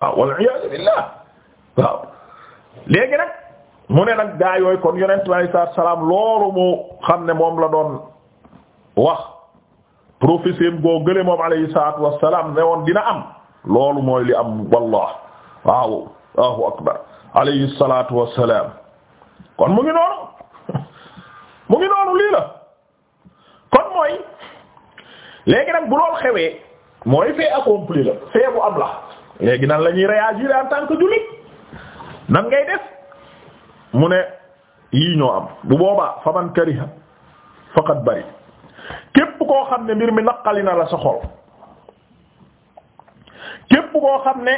waaw wal iyaadu billaah nag mu ne nag gaa yooyu kon yonent bi alayhi salaam loolu mu xam ne moom la doon wax prophétie boo gële moom alayhi salaatu wassalaam ne woon dina am loolu mooy li am wallah waaw Allahu akbar alayhi salaatu wassalaam kon mu ngi noonu mu la kon mooy léegi nag bu loolu xewee mooy fait accompli la fait bu am la léegi nan la ñuy réagir en tant que jullit nan ngay def mu ne yii ñoo am bu boobaa fa man kariha faqad bari képp koo xam ne mbir mi naqali na la sa xol képp koo xam ne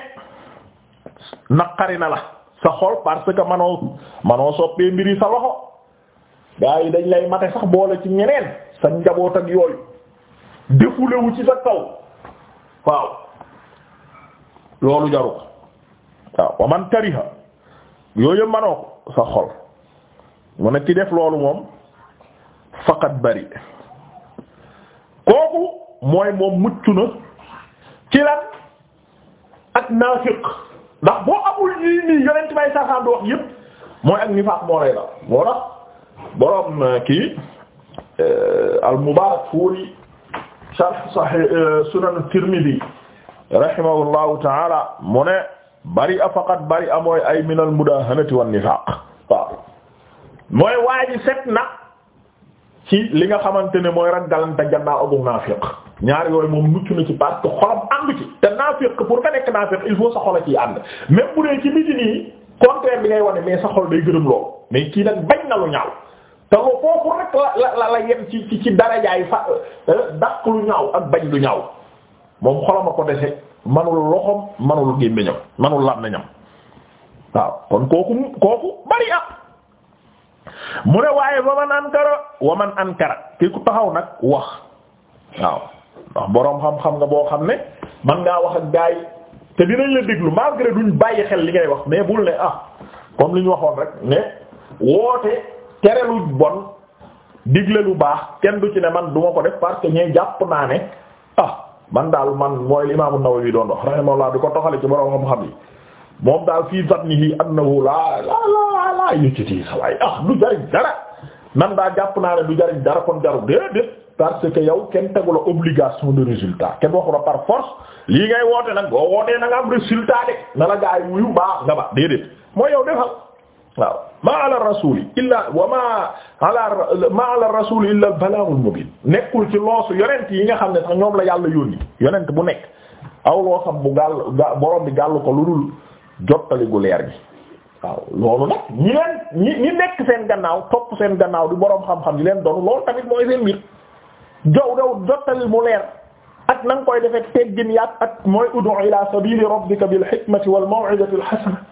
naqari na la sa xol parce que manoo manoo soppee mbir yi sa loxo gaa yi dañ lay mate sax boole ci ñeneen sa njaboot ak yooyu defulewu ci sa kaw waaw loolu jaru ko waaw wa man kariha yooyu manoo ko sa xol mu ne ki def loolu moom faqat bari kooku mooy moom mucc na ak naafiq ndax boo amul nii nii yonent bay saasaan yépp mooy ak nifaaq moo lay la moo tax boroom euh, kii euh, al Mubaarak Fuuri sharh Sahih euh, Sunan rahimahullahu taala mu ne bari a faqat bari a mooy ay minal mudahanati wan nifaq waaw mooy waa ji set na ci li nga xamante ne mooy ragalante gannaaw abu naafiq ñaar yooyu moom mucc na ci parce que xolam ànd ci te naafiq pour nga nekk naafiq il faut sa xol a ciy ànd même bu dee ci biti nii contraire bi ngay wane mais sa xol day gërëm loolu mais kii nag bañ na lu ñaaw te lu foofu rek la la la yem ci ci ci darajaayu fa euh, dàq lu ñaaw ak bañ lu ñaaw. moom xolam a ko dese manul loxom manul gémmiñam manul làmmiñam waaw kon kooku kooku bari ah mu ne waaye waman ankara man ankara ki ku taxaw nag wax waaw ndax boroom xam-xam nga boo xam ne man ngaa wax ak gaay te dinañ la déglu malgré duñ bàyyi xel li ngay wax mais bul ne ah comme li ñu waxoon rek ne woote tere lu bon digle lu baax kenn du ci ne man duma ko def parce que ñee jàpp naa ne ah man daal man mooy li imaamu Nawawi doon dox wax laa di ko toxale ci borom xam-xam yi moom daal fii zannihi annahu laa laa laa laa yucciti sa waay ah du jariñ dara nan daa jàpp naa ne du jariñ dara kon jaru déedéet parce que yow kenn tegu la obligation de résultat kenn waxu la par force lii ngay woote nag boo wootee na am résultat de na la gaay wuyu baax nga ba déedéet mooy yow defal waaw ma ala rasuli illa wa ma ala ma ala rasuli illa al balaghul mubin nekkul ci loosu yonent yi nga xam ne sax ñoom la yàlla yónni yonent bu nekk aw loo xam bu gàll borom bi gàll ko lu dul jottali gu leer gi waaw loolu nag ñi leen ñi ñi nekk seen gannaaw topp seen gannaaw di borom xam-xam di leen doon loolu tamit mooy seen mbir jow daw jottali mu leer ak na nga koy defee teggin yàq ak mooy ud'u ila sabili rabbika bil hikmati wal maw'izati al hasana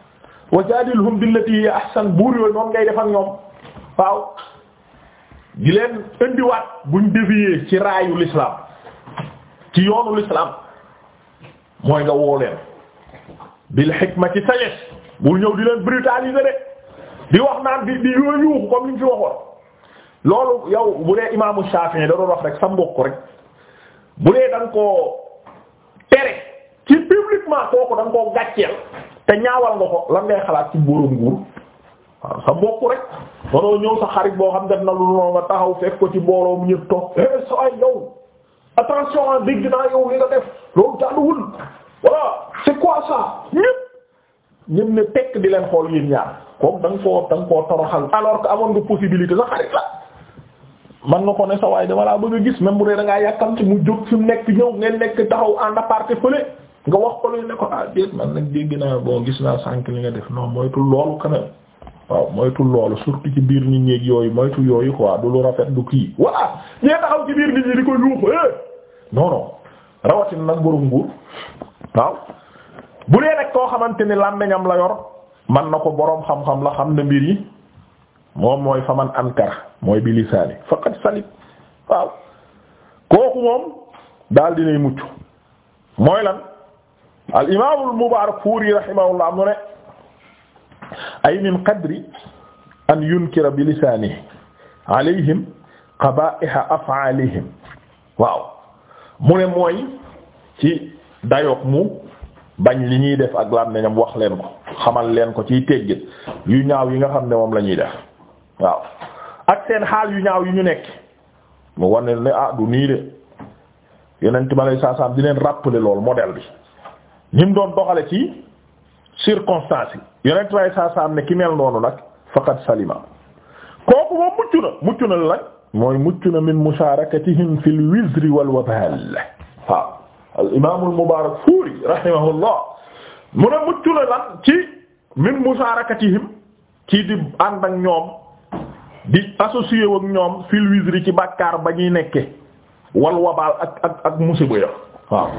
wa jaadilhum billati hiya ahsan buur yooyu noonu ngay def ak ñoom waaw di leen indiwaat buñ dévier ci raayu l'islam ci yoonu l'islam mooy nga woo leen bil hikmati sayes bul ñëw di leen brutaliser de di wax naan di di yooyu yuuxu comme ni ñu waxoon loolu yow bu dee imaamu Shafi'i da doon wax rek sa mbokk rek bu dee da nga koo tere ci publiquement kooku da nga gàcceel te ñaawal nga ko lan ngay xalaat ci boroom nguur waaw sa mbokk rek manoo ñëw sa xarit boo xam def na lu noonu nga taxaw fekk ko ci booroom ñëpp toog eh so ay yow attention en ah dégg naa yow li nga def loolu jàlluwul voilà leen xool yéen ñaar comme da koo da nga toroxal alors que amoon nga possibilité sa xarit la man nga ko ne sa waay dama laa bëgg gis même bu dee da ngaa yàkkam ci mu jóg fi mu nekk ñëw ngeen nekk taxaw en aparté nga wax ko leen ne ko ah déet man nag dégg naa boo gis naa sànq li nga def non moytu loolu quand waaw moytu loolu surtout ci biir nit ñeeg yooyu moytu yooyu quoi du lu rafet du kii voilà ñee taxaw ci biir nit ñi di ko yuux eh! non non rawatin nag borom nguur waaw bu dee rek koo xamante ni làmmiñam la yor man na ko boroom xam-xam la xam na mbir yi moom mooy fa man ankara mooy bi lisaani faqad salit waaw kooku moom daal dinay mucc mooy lan al imaamul Mubaarakfuuri rahimahullah am ne ay min qadri an yunkira bi lisaanihi alayhim qabaa'iha af'aalihim waaw mu ne mooy ci dayoog mu bañ li ñuy def ak làmmiñam wax leen ko xamal leen ko ciy teggin yu ñaaw yi nga xam ne moom lañuy ñuy def waaw ak seen xaal yu ñaaw yu ñu nekk mu wane ne ah du nii de yeneen ma lay saa saa di leen rappeler lool model bi. ni mu doon doxale ci circonstance yi yonent way saa saa am ne ki mel noonu nag faqad salima kooku moom mucc na mucc na la mooy mucc na min musharakatihim fil wizri wal wabal waaw al imaam al mubaarak fuuri rahimahullah mu ne mucc na lan ci min musharakatihim ci di ànd ak ñoom di associé ak ñoom fil wizri ci bàkkaar ba ñuy nekke wal ak ak ak musiba ya waaw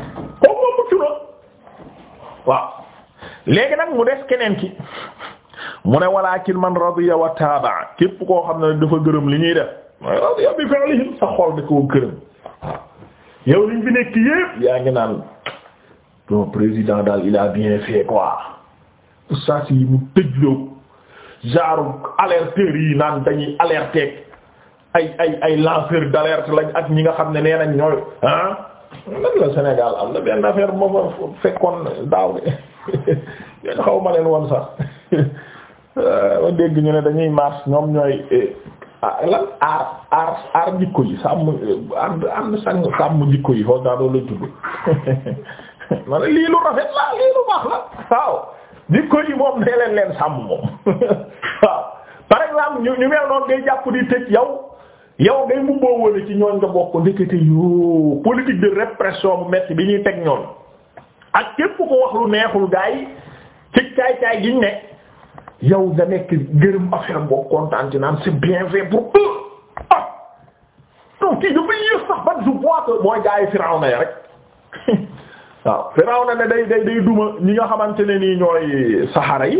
waaw léegi nag mu des keneen ki mu ne walaakin man radiya wa taaba képp koo xam ne dafa gërëm li ñuy def mooy radiya bi fi'lihim sa xol da koo gërëm yow liñ fi nekk yépp yaa ngi naan ton président daal il a bien fait quoi saa si mu tëjloo genre alerteurs yi naan dañuy alerter ay ay ay lanceur d'alerte lañ ak ñi nga xam ne nee nañ ñooy lan la Sénégal am na benn affaire bu ma fa fekkoon daaw de xaw ma leen woon sax euh, ma dégg ñu ne dañuy marche ñoom ñooy euh, ah, lan aar aar aar jikko yi sàmm aar aar sàmm sàmm jikko yi foofu daa doon lay tudd ma ne lii lu rafet la lii lu baax la waaw jikko yi moom nee leen leen sàmm moom waaw par exemple ñu ñu mel noonu ngay jàpp di tëj yow. yow day mu boo ci ñooñ nga bokk ndekete yoo politique de répression bu metti bi ñuy teg ñoom ak képp ko wax lu neexul gaa yi ci caay caay giñ ne yow nga nekk gërëm affaire boo kontaan ci naan c'est bien fait pour eux ah! mooy gaa yi Firawna ya rek waaw Firawna ne day day duma ñi nga xamante ne nii ñooy saxara yi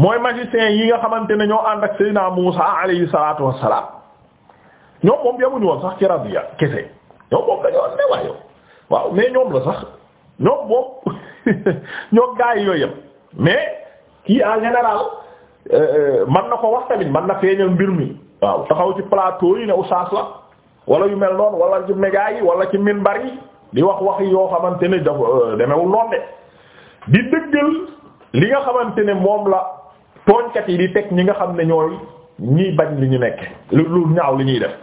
mooy magicien yi nga xamante ne ñoo ànd ak Seydina Muusa alayhi salaatu wassalaam ñoom moom yamuñu sax ci radiya kese ñoom moom la ñu woon ne waaw mais ñoom la sax ñoom moom ñoom gaa yi yooyu mais kii en général euh, man na ko wax tamit man na feeñal mbir mi waaw taxaw ci plateau yi ne oustaz la wala yu mel noonu wala ci média yi wala ci minbar yi di wax wax yoo xamante ne dafa euh, demewul noonu de di dëggal li nga xamante ne moom la. tooñkat yi di teg ñi nga xam ne ñooy ñiy bañ lu ñu nekk lu lu ñaaw li ñuy def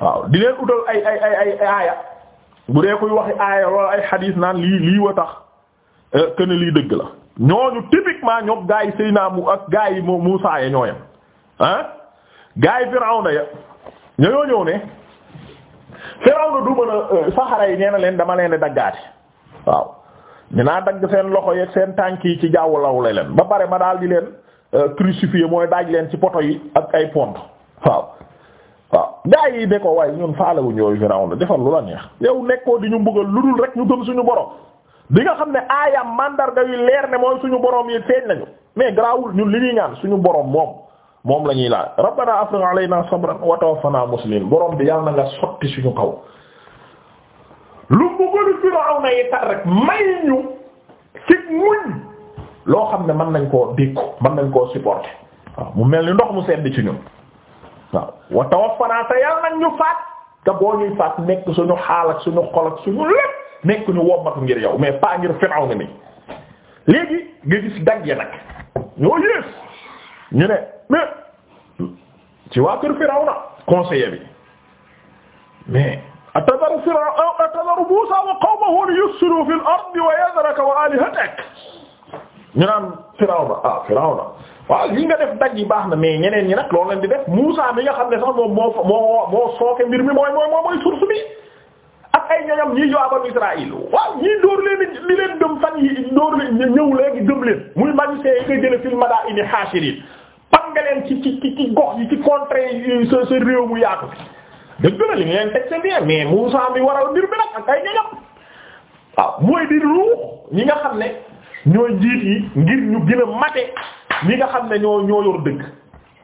waaw di leen utal ay ay ay ay aaya bu dee kuy waxi aaya wala ay xadiis naan lii lii wa tax kën euh, lii dëgg la ñooñu typiquement ñoom gaa ak gaa yi Muusaa ya ñooyam ah gaa yi Firawna ya ñoo ñëw ne Firawna du mën a euh, saxara yi nee leen dama leen di daggaate waaw dinaa dagg seen loxo yeeg seen tànk yi ci jaww la leen ba pare ma daal di leen. Euh, crucifié mooy daaj leen ci poto yi ak ay pont waaw waaw gaa yi ne ko waaye ñun faalewuñ yooyu Firawna defal lu la neex yow nekkoo di ñu bugga lu dul rek ñu gëm suñu borom bi nga xam ne aayam mandarga yu leer ne mooy suñu borom yi feeñ nañu mais garaawul ñun li ñuy ñaan suñu borom moom moom la laaj rabbana afrigh alayna sabran wa tawaffana muslimin bi yàlla na nga sotti suñu kaw lu mbugalu Firawna yi tar rek may ñu ci muñ loo xam ne mën nañ koo dékku mën nañ koo supporter waaw mu mel ni ndox mu sedd ci ñun waaw wa tawaffanaa te nag ñu faat te boo ñuy faat nekk suñu xaal suñu xol ak suñu lépp nekk ñu wommatu ngir yow mais pas ngir Fir'aw nga léegi nga gis dagg nag ñoo yées ñu ne mais ci waa kër Fir'aw na conseiller bi mais atadaru Fir'aw atadaru Muusaa wa qawmahu li yufsidu fil ardi wa yadhraka wa aalihatak ñu naan Firawna ah Firawna waaw li nga def daj yi baax na mais ñeneen ñi nag loolu leen di def Muusaa mi nga xam ne sax moom moo moo moo sooke mbir mi mooy mooy mooy source bi ak ay ñoñam ñii yow abam Israël waaw ñii dóor leen di leen gëm fan yi dóor leen ñëw léegi gëm leen muy magicien yi nga jële fil madaa'ini haashirin nga leen ci ci ci gox yi ci contre yi sa sa réew mu yaatu bi dëgg la li nga leen teg sa biir mais Muusaa mi waral mbir mi nag ak ay ñoñam nga xam ne ñooy njiit yi ngir ñu gën a mate ñi nga xam ne ñoo ñoo yor dëgg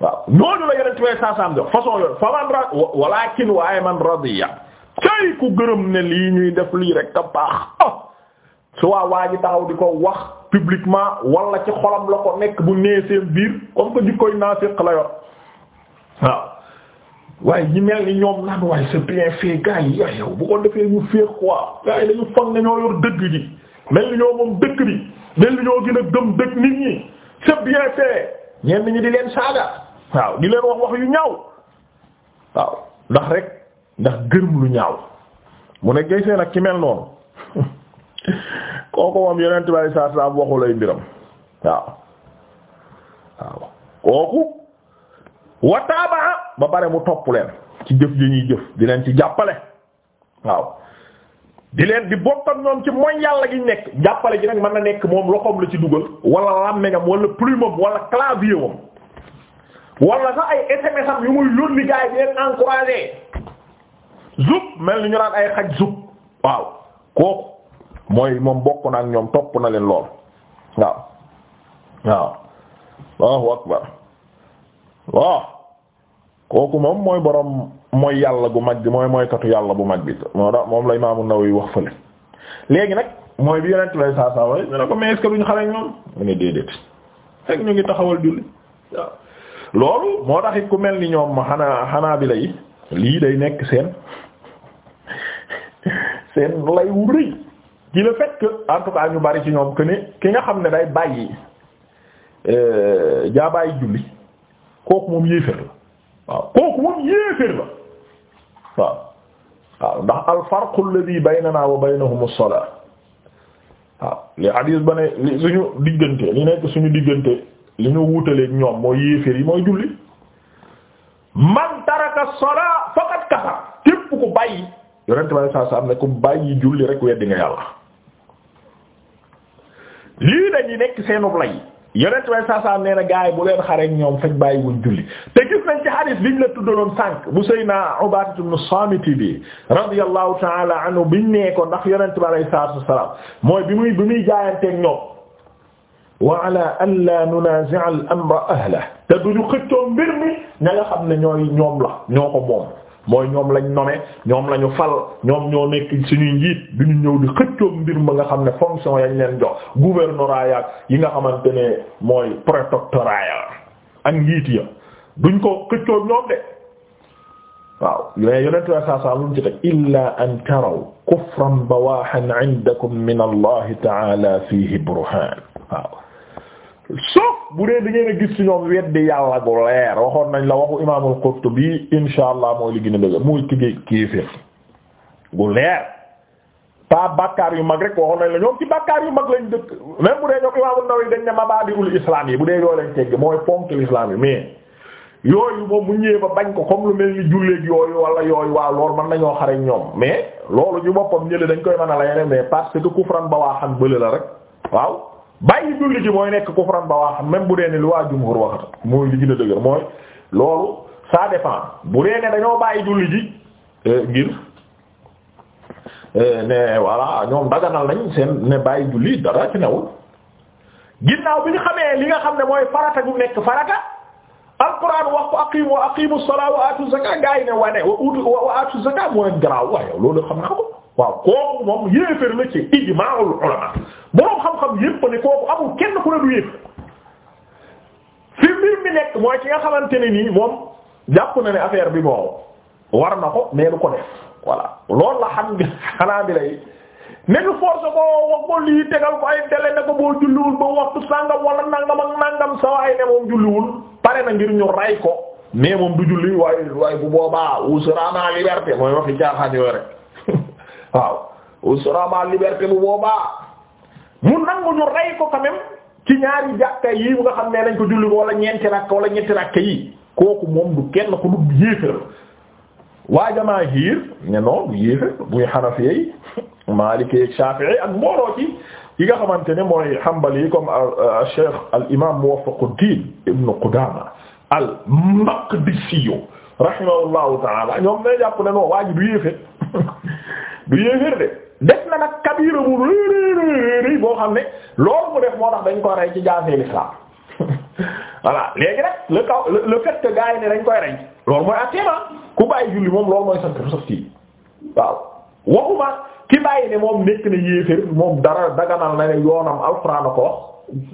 waaw ñooñu la yonent way saasaam jox façon yoon fa man ra walakin waaye man radiya kay ku gërëm ne lii ñuy def lii rek a baax ah su waa waa ji taxaw di ko wax publiquement wala ci xolam la ko nekk bu nee seen biir comme que di koy naafiq la yor waaw waaye ñi mel ni ñoom naan waaye c'est bien fait gars yi yow bu ko defee ñu féex quoi gars yi dañu foog ne ñoo yor dëgg ji mel ni ñoo mel ni ñoo gën a gëm dëkk nit ñi c'est bien ñenn ñi di leen saaga waaw di leen wax wax yu ñaaw waaw ndax rek ndax gërëm lu ñaaw mu ne gaysee nag ki mel noonu kooku moom yeneen tubaab yi saa saa waxu lay mbiram waaw waaw kooku wataaba ba pare mu topp leen ci jëf ji ñuy jëf di leen ci jàppale waaw di leen di bokk ak ñoom ci mooy yàlla gi nekk jàppale ji nag mën na nekk moom loxoom la ci dugal wala làmmeñam wala plume am wala clavier am wala sax ay SMS am yu muy yónni gars yi leen encourager zub mel ni ñu naan ay xaj zub waaw kooku mooy moom bokk na ak ñoom topp na leen lool waaw waaw Allahu akbar waaw kooku moom mooy borom mooy yàlla bu mag bi mooy mooykatu yàlla bu mag bi moo tax moom la Imaam An-Nawawi wax fële léegi nag mooy bi yonent lay saa saa waaye ñu ne ko mais est-ce que duñu xale ñoom mu ne déedéet fekk ñu ngi taxawal julli waaw loolu moo tax it ku mel ni ñoom xanaa xanaa bi lay lii day nekk seen seen lay wu rëy ci le fait que en tout cas ñu bari ci ñoom que ne ki nga xam ne day bàyyi euh, jaabaay julli kooku moom yéeféer waaw kooku moom yéeféer la waaw waaw ndax alfarqu alladhi baynana wa baynahum as-salah waaw li hadis ba ne li suñu diggante li nekk suñu diggante li ñu wutaleeg ñoom mooy yéeféer yi mooy julli man taraka as-salah faqad kafar képp ku bàyyi yonent bi saa saa am ne ku bàyyi julli rek weddi nga yàlla lii dañuy nekk seenub lay yonent way saasaam nee na gaay bu leen xareek ñoom fekk bàyyi wuñ julli te gis nañ ci hadis liñ la tuddaloon sànq bu Seydina Ubaadatu ibn Saamit bi radiyallahu ta'ala anhu biñ nee ko ndax yonent bi alayhi salaatu wassalaam mooy bi muy bi muy jaayanteeg ñoom wa ala an la nunazi'a al amra ahlahu te duñu xëccoo mbir mi ña nga xam ne ñooy ñoom la ñoo ko moom mooy ñoom lañu nome ñoom lañu fal ñoom ñoo nekk suñuy njiit du ñu ñëw di xëccoo mbir ma nga xam ne fonction yañ leen jox gouvernorat yi nga xamante ne mooy protectorat ya ak njiit ya duñ ko xëccoo ñoom de waaw yonentu way saa saa luñ ci teg illa an taraw kufran bawahan waaw bu dee da ngeen gis ci ñoom weddi yàlla gu leer waxoon nañ la waxu imaamul Qurtubi insha allah mooy li gën a dëgg muy kii kéeféer gu leer pas bàkkaar yu mag rek waxoon nañ la ñoom ci bàkkaar yu mag lañ dëkk même bu dee ñoom imaamul Nawawi dañ ne mabaadirul islam yi bu dee yoo lañ tegg mooy ponkil islam yi mais yooyu moom mu ñëwee ba bañ ko comme lu mel ni julleek yooyu wala yooyu waaw loolu mën nañoo xare ñoom mais loolu ñu boppam ñële dañ koy mën a la yeneen mais parce que kufran ba la rek waaw bàyyi julli ji mooy nekk kufran ba waa xam même bu dee ne lu waa jumhur waxata mooy li gën a dëgër mooy loolu ça dépend bu dee ne dañoo bàyyi julli ji eh, ngir eh, ne voilà ñoom daganal nañ seen ne bàyyi julli dara ci newul ginnaaw bi ñu xamee li nga xam ne mooy farata gu nekk farata alquran wax ko aqimu wa aqimu salaa wa atu zakat gaa yi mooy garaaw waaye loolu xam naa ko waaw kooku moom yéeféer la ci ijmaa'ul ulama boroom xam-xam yépp ne kooku amul kenn ku ne du yéeféer fi mbir mi nekk mooy ci nga xamante ne nii moom jàpp na ne affaire bi moom war na ko mais du ko ne voilà loolu la xam nga xanaa bi lay ne ñu force ko wax lii tegal ko ay délai na ko boo julliwul ba waxtu sàngam wala na ak nangam sa waay ne moom julliwul pare na ngir ñu ray ko mais moom du julli waaye waaye bu boobaa usra na liberté mooy waxi jaaxaan yooyu rek. waaw usurama liberté bu boobaa mu nangu ñu rey ko quand même ci ñaari jàkka yi nga xam ne nañ ko julli wala ñeenti rakk wala ñetti rakk yi kooku moom du kenn ku du yéefér waa jamaahir ne non du yéefér muy xanafiya yi maalikee shaafi'i ak mbooloo ci yi nga xamante ne mooy xambali yi comme euh, euh, cheikh al imam muwaffaquddin ibnu qudama al maqdisiyu rahimahullahu taala ñoom ne jàpp ne non waa ji du yéefér du yéeféer de def na nag kabira mu réeréeréeréy boo xam ne loolu mu def moo dañ koy rey ci jaasee l'islam léegi rek le kaw le fait que gars yi ne dañ koy rey loolu mooy atteema ku bàyyi julli moom loolu mooy sant sax ci waaw waxuma ki bàyyi ne moom nekk na yéeféer moom dara daganal na ne yoonam alxuraan ko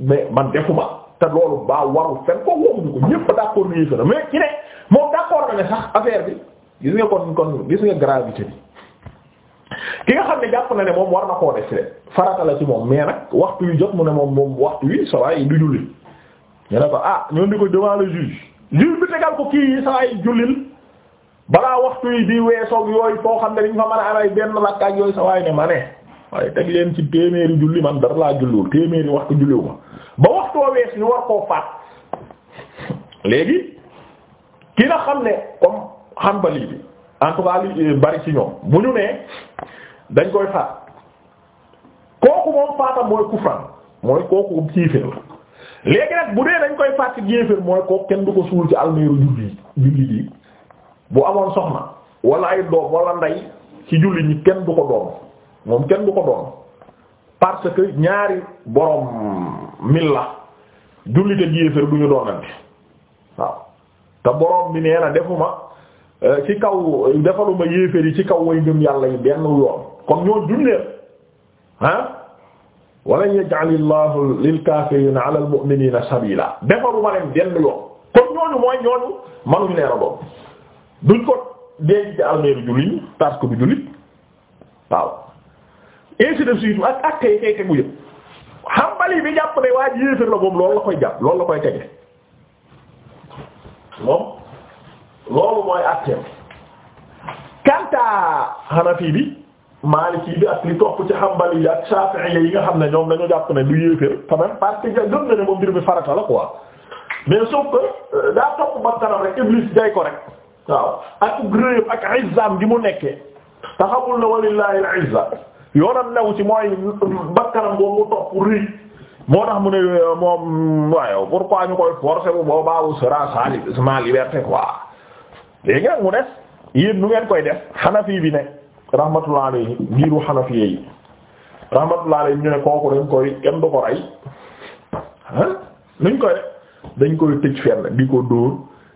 mais man defuma te loolu baa waru fen ko waxuñu ko ñépp d'accord na yéeféer mais ki ne moom d'accord na ne sax affaire bi gis nga kon kon gis nga gravité bi ki nga xam ne jàpp na ne moom war na koo def leen farata ci moom mais nag waxtu yu jot mu ne moom moom waxtu wi saa yi du julli ne ko ah ñoo di ko ko kii yi balaa waxtu yi di weesoog yooyu foo xam ne dañ fa mën a amay benn lakk ak yooyu saa yi leen ci téeméeri julli man dara laa julliwul téeméeri waxtu julliw ma ba waxtu wa wees ñu war koo faat léegi ki nga xam ne comme Hanbali bi. en tout cas euh, bari ci ñoom bu ñu nee dañ koy faat kooku moom faatam mooy kufran mooy kooku ciiféer la léegi nag bu dee dañ koy faat ci jéeféer mooy kooku kenn du ko suul ci almeeru julli julli yi bu amoon soxna walla ay doom wala ndey ci julli ñi kenn du ko doon moom kenn du ko doon parce que ñaari borom milla jullit ak yéeféer du ñu waaw te borom bi nee na defuma Euh, ci kaw defaluma yéeféer yi ci kaw way ngëm yàlla yi benn yoon comme ñoo dundee ah walan yaj'al Allahu lil kaafiriina ala al mu'miniina sabiila defaluma leen yoon comme ñooñu mooy ñooñu manuñu leer a doon duñ ko denc ci almeeru jullit parce que bu jullit waaw ainsi de suite ak ak tey tey tegu yëpp xambali bi jàpp ne waa ji yéeféer la moom loolu la koy jàpp loolu la koy tege moom loolu mooy atteem kanta Hanafi bi Maliki bi ak li topp ci Hanbali yi ak Shafi'i yi nga xam ne ñoom dañu jàpp ne du yéeféer quand même parce que ne moom mbir mi farata la quoi mais sauf que euh, daa topp bakkanam rek Iblis jay ko rek waaw ak gréeb ak gi mu nekke te xamul na walillahi al-izza yoonam new ci mooy bakkanam boobu topp rëy moo tax mu ne euh, moom waaye pourquoi ñu koy forcer bu boobaawu sera sa ma liberté quoi léegi nag mu des yéen nu ngeen koy def xanafi bi ne rahmatullah alayhi ngiru xanafi yi rahmatullah alayhi ñu ne kooku dañ koy kenn du ko rey ah nuñ koy dañ koy tëj fenn di ko dóor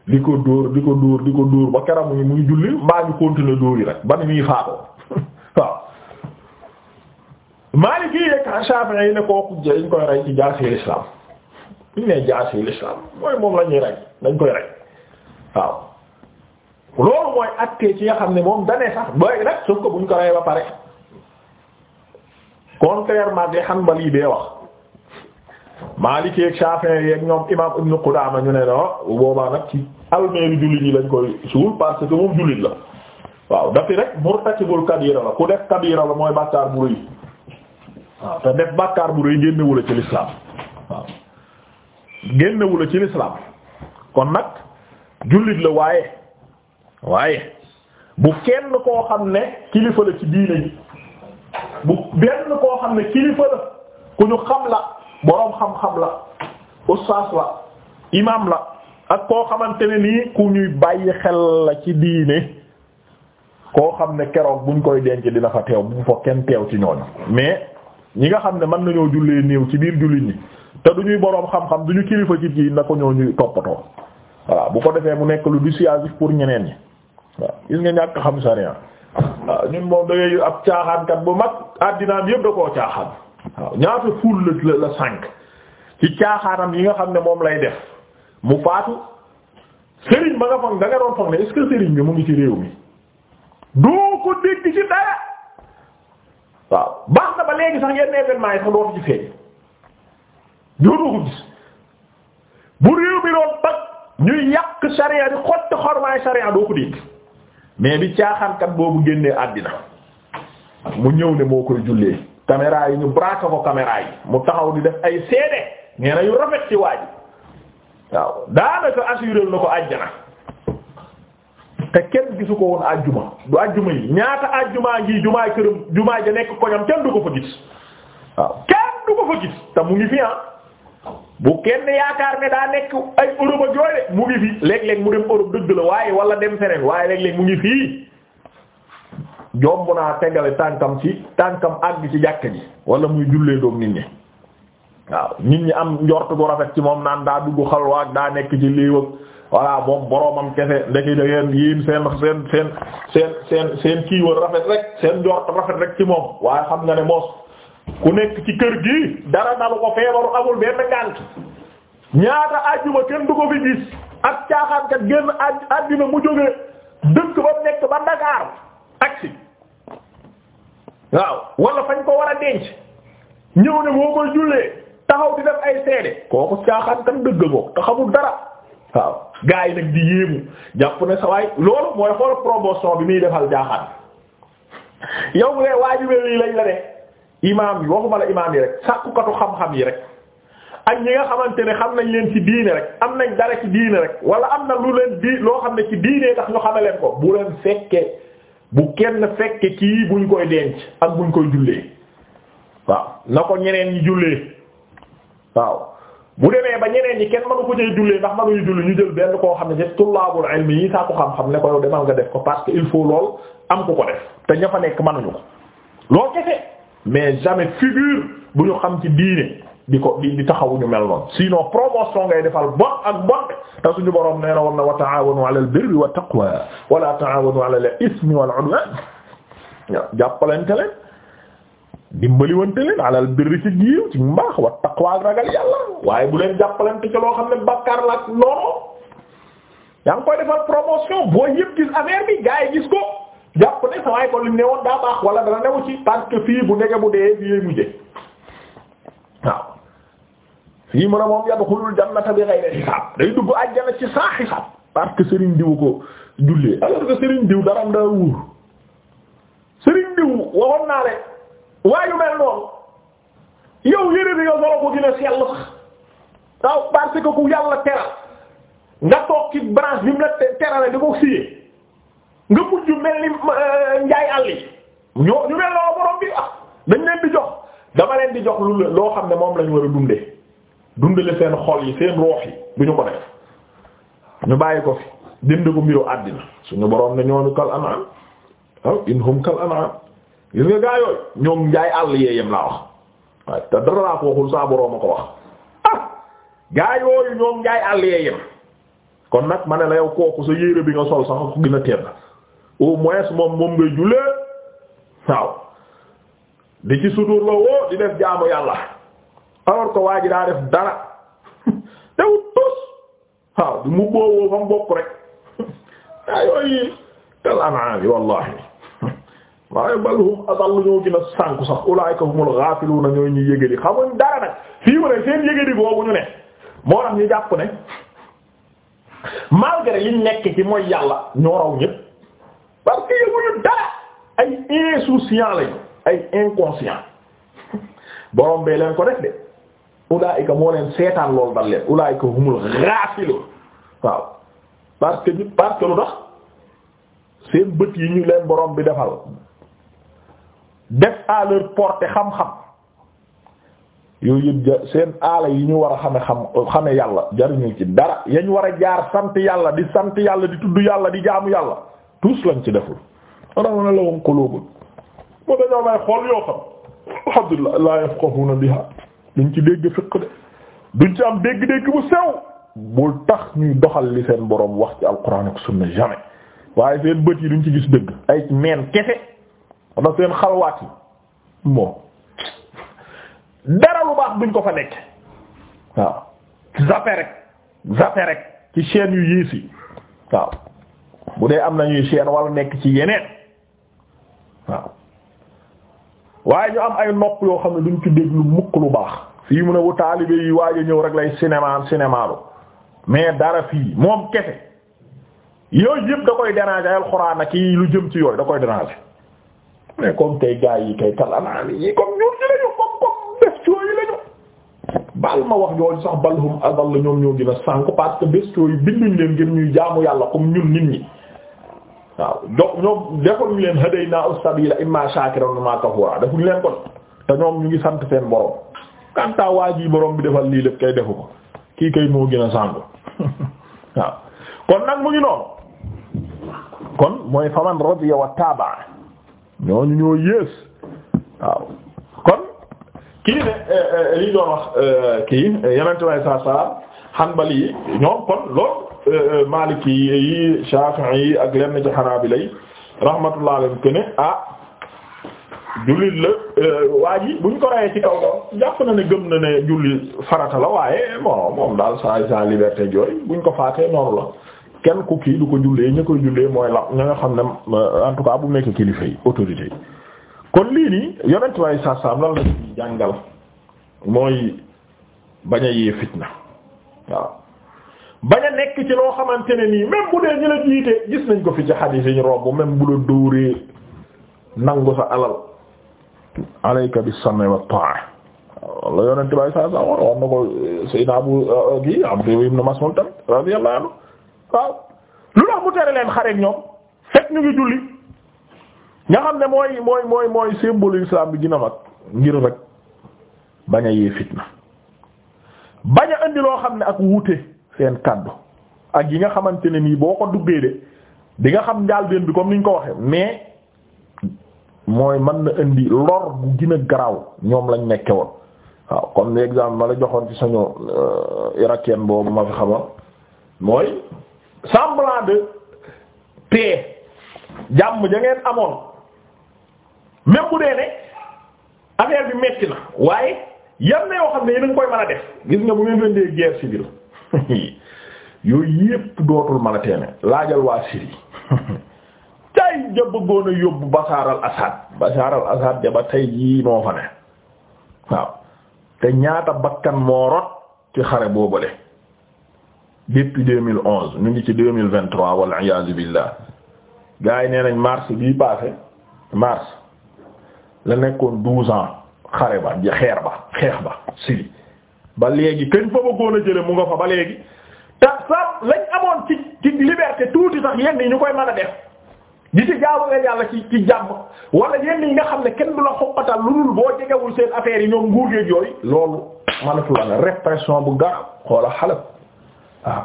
di ko dóor di ko dóor di ko dóor ba keram muy muy julli mbaa ñu continuer dóor yi rek ba ni muy faatoo waaw Maliki yi rek Shafi'i yi ne kooku dañ koy rey ci jaasi l'islam ñu ne jaasi l'islam mooy moom la rey dañ koy rey waaw loolu mooy acté ci nga xam ne moom danee sax booy rek sauf ko buñ ko rey ba pare contrairement de Hanbali bee wax Maliki ak Shafi'i ak ñoom imam Ibn Qudama ñu ne la ah boobaa nag ci almeeri jullit yi lañ koy suul parce que moom jullit la waaw dafi rek murtakibul kabira la ku def kabira la mooy bàkkaar bu rëy te def bàkkaar bu rëy génnewula ci l'islam waaw génnewula ci l'islam kon nag jullit la waaye waaye bu kenn koo xam ne kilifa la ci diine ji bu benn koo xam ne kilifa la ku ñu xam la boroom xam-xam la ustaas la imaam la ak koo xamante ne nii ku ñuy bàyyi xel la ci diine koo xam ne keroog buñ koy denc dina fa teew bu fa kenn teew ci ñooñu mais ñi nga xam ne mën nañoo jullee néew ci biir jullit ñi te du ñuy boroom xam-xam du ñu kilifa ci ji na ko ñoo ñuy toppatoo voilà bu ko defee mu nekk lu dissuasif pour ñeneen ñi. waaw gis nga ñàkk xam sariya waaw ah, ñun moom da ab caaxaankat bu mag addinaam yëpp da koo caaxaan waaw ñaata ful la la ci caaxaanam yi nga xam ne moom lay def mu faatu Serigne ba nga foog da nga doon foog ne est-ce bi mu ngi ci réew mi doo ko dégg ci dara waaw baax na ba léegi sax yenn événement yi sax doo ko dégg. mais bi caaxaankat boobu génnee àddina mu ñëw ne moo koy jullee caméra yi ñu braqué ko caméra yi mu taxaw di def ay seede nee na yu rafet ci waaj waaw daanaka assuré na ko àjjana te kenn gisu ko woon àjjuma du àjjuma yi ñaata àjjuma ngi jumaay këram jumaay ja nekk koñam kenn du ko fa gis waaw kenn du ko fa gis te mu ngi fi ah. bu kenn yaakaar ne daa nekk ay Europe ak yooyu mu ngi fi léeg-léeg mu dem Europe dëgg la waaye wala dem feneen waaye léeg-léeg mu ngi fii jomb naa tegale tànkam ci tànkam àgg ci jàkk ji wala muy jullee doom nit ñi waaw nit ñi am njort bu rafet ci moom naan daa dugg xalwa ak daa nekk ci lii wëg moom boroomam kese ndeki da ngeen yéen seen seen seen seen seen seen kiiwa rafet rek seen njort rafet rek ci moom waaye xam nga ne moos ku nekk ci kër gi dara dalu ko feebaru amul benn ngànt ñaata àjjuma kenn du ko fi gis ak caaxaankat génn àddina mu jóge dëkk ba nekk ba Dakar aksi waaw wala fañ ko war a denc ñëw ne moo koy jullee taxaw di def ay seede kooku caaxaankat dëgg ko te xamul dara waaw gaa yi nag di yéemu jàpp ne sa waay loolu mooy xool promotion bi muy defal jaaxaan yow mu ne waajibee lii lañ la de imaam yi waxuma la imaam yi rek sàkkukatu xam-xam yi rek ak ñi nga xamante ne xam nañ leen ci diine rek am nañ dara ci diine rek wala am na lu leen di loo xam ne ci diine tax ñu xame leen ko bu leen fekkee bu kenn fekke kii buñ koy denc ak buñ koy jullee waaw na ko ñeneen ñi jullee waaw bu demee ba ñeneen ñi kenn mënu ko cay jullee ndax ma mënuñu julli ñu jël benn koo xam ne ci tullaabul ilmi yi saa ko xam-xam ne ko yow demal nga def ko parce que il faut lool am ku ko nekk mënuñu ko loolu mais jamais figure bu ñu xam ci diine di ko di di taxawuñu mel noonu sinon promotion ngay defal bon ak bon te suñu boroom nee na na wa ta'awanu 'ala al-birri wa taqwa wa ta'awanu 'ala al wal 'udwan jàppalante leen dimbaliwante leen 'ala al-birri ci giiw ci mbaax wa taqwa ragal yàlla waaye bu leen jàppalante ci loo xam ne bàkkaar la ak yaa ngi koy defal promotion boo yëpp gis affaire bi gaa gis ko jàpp ne sa waaye kon li ne woon daa baax wala dana newu ci fii bu ndege bu dee fii mujje waaw fii mu ne moom yadxulul jannata bi ghayri hisaab day dugg àjjana ci saa hisaab parce que Serigne diw ko jullee alors que Serigne diw dara am daa wuur Serigne diw waxoon naa le waayu mel noonu yow yëre bi nga solo ko dina sell sax waaw parce que ku yàlla teral nga toog ci branche bi mu la terale di ko siyee nga mujj mel ni euh, njaay àll yi ñoo ñu mel loo borom bi wax dañ leen di jox dama leen di jox lu loo xam ne moom la war a dunde dundale seen xol yi seen roox yi du ñu ko def ñu bàyyi ko fi jënd ko mbiru àddina suñu borom ne ñooñu kal an'am waaw in hum kal an'am gis nga gaa ñoom njaay àll yeeyam laa wax te dara laa ko waxul saa borom a ko wax ah ñoom njaay àll yeeyam kon nag ma ne la yow kooku sa yére bi nga sol sax ko gën a teel au moins moom moom ngay jullee waaw di ci sutur la woo di def jaamu yàlla alors que waa ji daa dara tew tus waaw di mu boowoo fa mu bokk rek aa yooyu kal wallahi waaye bal hum adallu ñoo gën a sànku sax ulaa'ika humul ghaafiluuna ñooy ñu yëgadi xamuñ dara nag fii mu ne seen yëgadi boobu ne moo tax ñu jàpp ne malgré liñ nekk ci mooy yàlla ñoo raw ñépp parce que yëguñu dara ay insouciant lañu ay inconscient borom bee leen ko def de ulaayika moo leen seetaan loolu dal leen ulaayika humul ghafilun waaw parce que ñu parce que lu tax seen bët yi ñu leen borom bi defal def à leur portée xam-xam yooyu yëpp seen aala yi ñu war a xame xam xame yàlla jariñu ci dara yañ war a jaar sant yàlla di sant yàlla di tudd yàlla di jaamu yàlla tous lañ ci deful anam na la woon xoloobu moo dañoo may xool yoo xam alhamdulillah laa yafqahuna biha duñ ci dégg fiq de duñ ci am dégg-dégg bu sew bul tax ñuy doxal li seen boroom wax ci alquran ak sunna jamais waaye seen bët yi duñ ci gis dëgg ay meen kese wala seen xalwaat yi moo dara lu baax duñ ko fa nekk waaw zappe rek zappe rek ci chaîne yu yiis yi waaw bu dee am nañuy chaîne wala nekk ci yeneen waaw waaye ñu am ay nopp yoo xam ne duñ ci déglu mukk lu baax fii mu ne bu taalibe yi waaye ñëw rek lay cinéma cinéma mais dara fii moom kese yooyu yëpp da koy déranger alxuraan ak yi lu jëm ci yooyu da koy déranger mais comme tey gars yi kay talaanaan yi comme ñun ci lañu comme comme yi lañu baal ma wax ñooñu sax balhum adall ñoom ñoo gën a sànk parce que bestiaux yi binduñ leen ngir ñuy jaamu yàlla comme ñun nit waaw donc ñoom defuñu leen hadaynaa as-sabiila imma shaakiran imma kafuura defuñu leen ko te ñoom ñu ngi sant seen borom kanta waa ji boroom bi defal lii lépp kay defu ko kii kay moo gën a sàngu waaw kon nag mu ngi noonu kon mooy faman radiya wa taaba ñooñu ñoo yées waaw kon kii ne eh, eh, li doon wax eh, kii yeneen tubaab yi saa saa Hanbali yi ñoom kon loolu. Euh, euh, Maliki yi Shafi'i yi ak lenn ci Hanabila yi rahmatullah alayhim que ah jullit la euh, waa ji buñ ko rayee ci kaw doon jàpp na ne gëm na ne julli farata la waaye bon moom daal sa sa liberté jooy buñ ko faatee noonu la kenn ku kii du ko jullee ña jullee mooy la ña nga xam ne en bu nekk kilifa yi autorité yi. kon lii nii yonent waaye saa la ñuy jàngal mooy bañ yee fitna waaw. bañ a nekk ci loo xamante ne nii même bu dee ñu la jiite gis nañ ko fi ci xadiis yi ñu romb même bu la dóoree nangu sa alal alayka bis sam'i wat yonent baay saa na lu tax mu tere leen xareek ñoom fekk ñu ngi julli nga xam ne mooy mooy mooy mooy symbole bi gën mag ngir rek bañ a yee fitna bañ a indi loo xam ne ak wuute seen kaddu ak yi nga xamante ne nii boo ko duggee de di nga xam njaal benn bi comme ni ko waxee mais mooy man na indi lor bu gën garaaw ñoom lañ nekke woon waaw comme exemple ma la joxoon ci suñu euh, irakien boobu ma fi xamoon mooy semblant de paix jàmm ja ngeen amoon même dee ne affaire bi metti na waaye yam na yoo xam ne yéen a ngi koy mën a def gis nga bu ngeen leen dee guerre yooyu yépp dootul mën a teene laajal waa Syrie tay ja bëggoon yóbbu Bashar al-Assad Bashar al ba tey jii moo fa ne waaw te ñaata bakkan moo rot ci xare boobale depuis deux mille onze ñu ngi ci deux mille vingt trois wal iyaazu billah gars yi nee nañ mars bii passé mars la nekkoon douze ans xare ba xeex ba Syrie ba léegi kenn fa bëggoon a jële mu nga fa ba léegi te sa lañ amoon ci ci liberté tuuti sax yenn yi ñu koy mën a def di ci jaamu nga yàlla ci ci jàmm wala yenn yi nga xam ne kenn du la xoppatal lu dul boo jegewul seen affaire yi ñoom nguur yeeg yooyu loolu manatu la ne bu garab xoola xalab waaw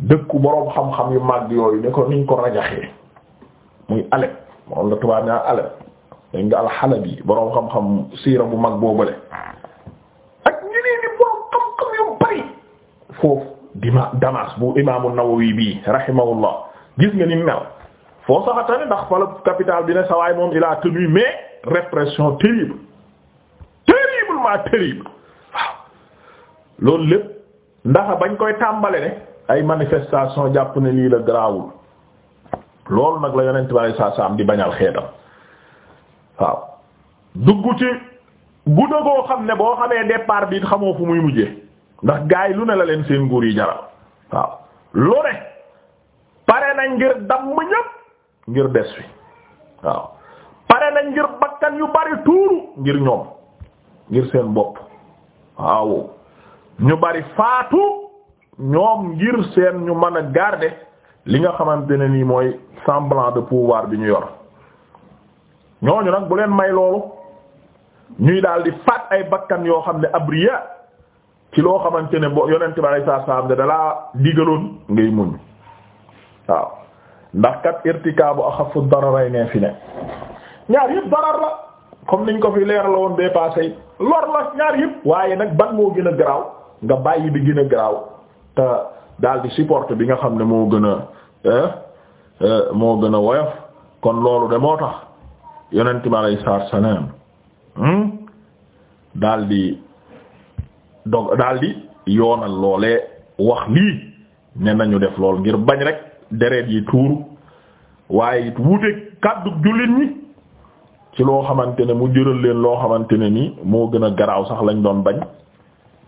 dëkku boroom xam-xam yu mag yooyu ne ko niñ ko rajaxee muy Alep moom la tubaab naa Alep dañ nga al Halabi boroom xam-xam siira bu mag boobale foofu dima Damas bu imaamu Nawawi bi rahimahullah gis nga ni mel foo saxatane ndax fala capital bi ne sawaay moom il a tenu mais répression terrible terriblement terrible waaw loolu lépp ndax bañ koy tàmbale ne ay manifestation jàpp ne lii la garaawul loolu nag la yonent bi saa saa di bañal xeetam waaw dugg ci gudda goo xam ne boo xamee départ bi xamoo fu muy mujjee ndax gaay lu ne la leen seen nguur yi jaral waaw lu ne pare na ngir damm ñëpp ngir des fi waaw pare na ngir bakkan yu bari tuuru ngir ñoom ngir seen bopp waaw ñu bari faatu ñoom ngir seen ñu mën garde li nga xamante ne nii mooy semblant de pouvoir bi ñu yor ñooñu nag bu leen may loolu ñuy daal di faat ay bakkan yoo xam ne abriya ci loo xamante ne boo yonent bi saa salaam de dalaa digaloon ngay muñ waaw ndax kat irtikaabu axafu dararay ne fi ne ñaar yëpp darar la comme niñ ko fi leeral woon bee passé lor la ñaar yëpp waaye nag ban moo gën a garaaw nga bàyyi bi gën a garaaw te daal di support bi nga xam ne moo gën a eh, eh, moo gën a woyof kon loolu de moo tax yonent bi saa salaam hmm, daal di dog daldi yoonal loole wax lii ne nañu def lool ngir bañ rek deret yi tuur waaye it wuute kàddu jullit ñi ci loo xamante ne mu jëral leen loo xamante ne nii moo gën a garaaw sax lañ doon bañ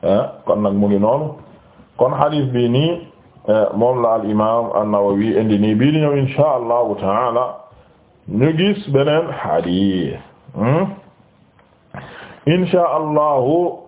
ah, kon nag mu ngi noonu kon hadith bi nii eh, moom la al imaam an-Nawawi indi nii bii di ñëw insha allahu taala ñu gis beneen hadith hmm? insha allahu